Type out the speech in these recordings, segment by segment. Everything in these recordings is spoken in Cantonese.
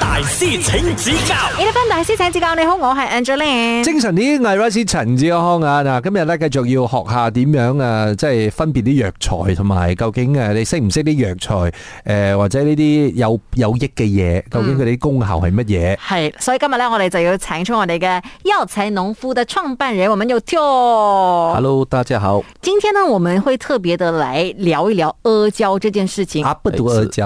大師請指教，大師請指教。指教，你好，我係 Angeline 精神啲，Iris 陳志康啊！今日咧繼續要學一下點樣啊，即係分別啲藥材，同埋究竟誒你識唔識啲藥材？誒、呃，或者呢啲有有益嘅嘢，究竟佢哋啲功效係乜嘢？係，所以今日咧我哋就要請出我哋嘅藥材農夫嘅創辦人，我們要跳。Hello，大家好。今天呢，我們會特別的來聊一聊阿膠這件事情。 啊、不阿不阿膠。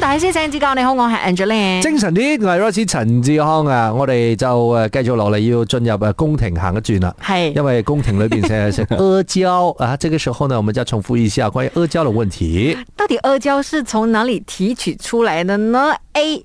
大師，請指教。你好，我係 Angel 精神啲。我係老師陳志康啊！我哋就誒繼續落嚟，要進入誒宮廷行一轉啦。係，因為宮廷裏邊食阿膠 啊，這個時候呢，我們再重複一下關於阿膠的問題。到底阿膠是從哪裏提取出來的呢？A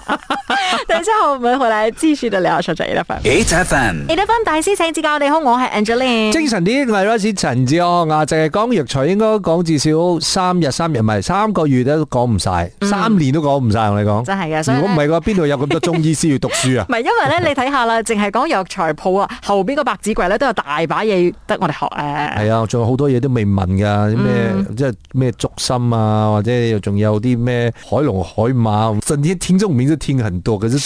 之後唔好回好支持到你阿卓卓 E 德芬。E 德芬，E 德 n 大師請自教我好，我係 Angeline。精神啲，我開始陳志昂啊，淨係講藥材，應該講至少三日，三日唔係三個月都講唔晒，嗯、三年都講唔晒，我講。真係噶，如果唔係嘅話，邊度 有咁多中醫師要讀書啊？咪因為咧， 你睇下啦，淨係講藥材鋪啊，後邊個百子櫃咧都有大把嘢得我哋學誒。係啊，仲有好多嘢都未問噶，啲咩、嗯、即係咩竹心啊，或者仲有啲咩海龍、海馬， 甚至天中名都聽很多嘅。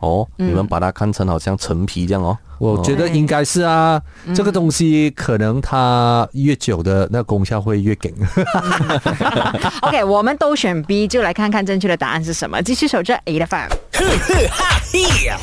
哦，嗯、你們把它看成好像陳皮這樣哦，我、哦、覺得應該是啊，嗯、這個東西可能它越久的那功、個、效會越勁。 OK，我們都選 B，就來看看正確的答案是什麼。繼續收聽，AI FM。AI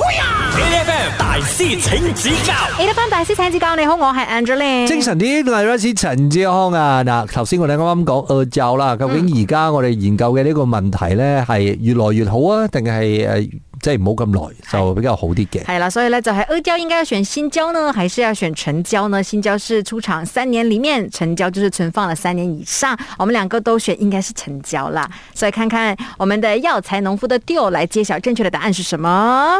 FM 大師請指教 AI FM 大師請指教。你好，我是 Angeline。精神啲，係老師陳志康啊。嗱，頭先我哋啱啱講阿膠啦。究竟而家我哋研究嘅呢個問題咧，係越來越好啊，定係誒？即係唔好咁耐就比較好啲嘅。係啦， 所以咧就係阿膠應該要選新膠呢，還是要選陳膠呢？新膠是出廠三年裏面，陳膠就是存放了三年以上。我們兩個都選，應該是陳膠啦。所以看看我們的藥材農夫的 Teo 來揭曉正確的答案是什麼。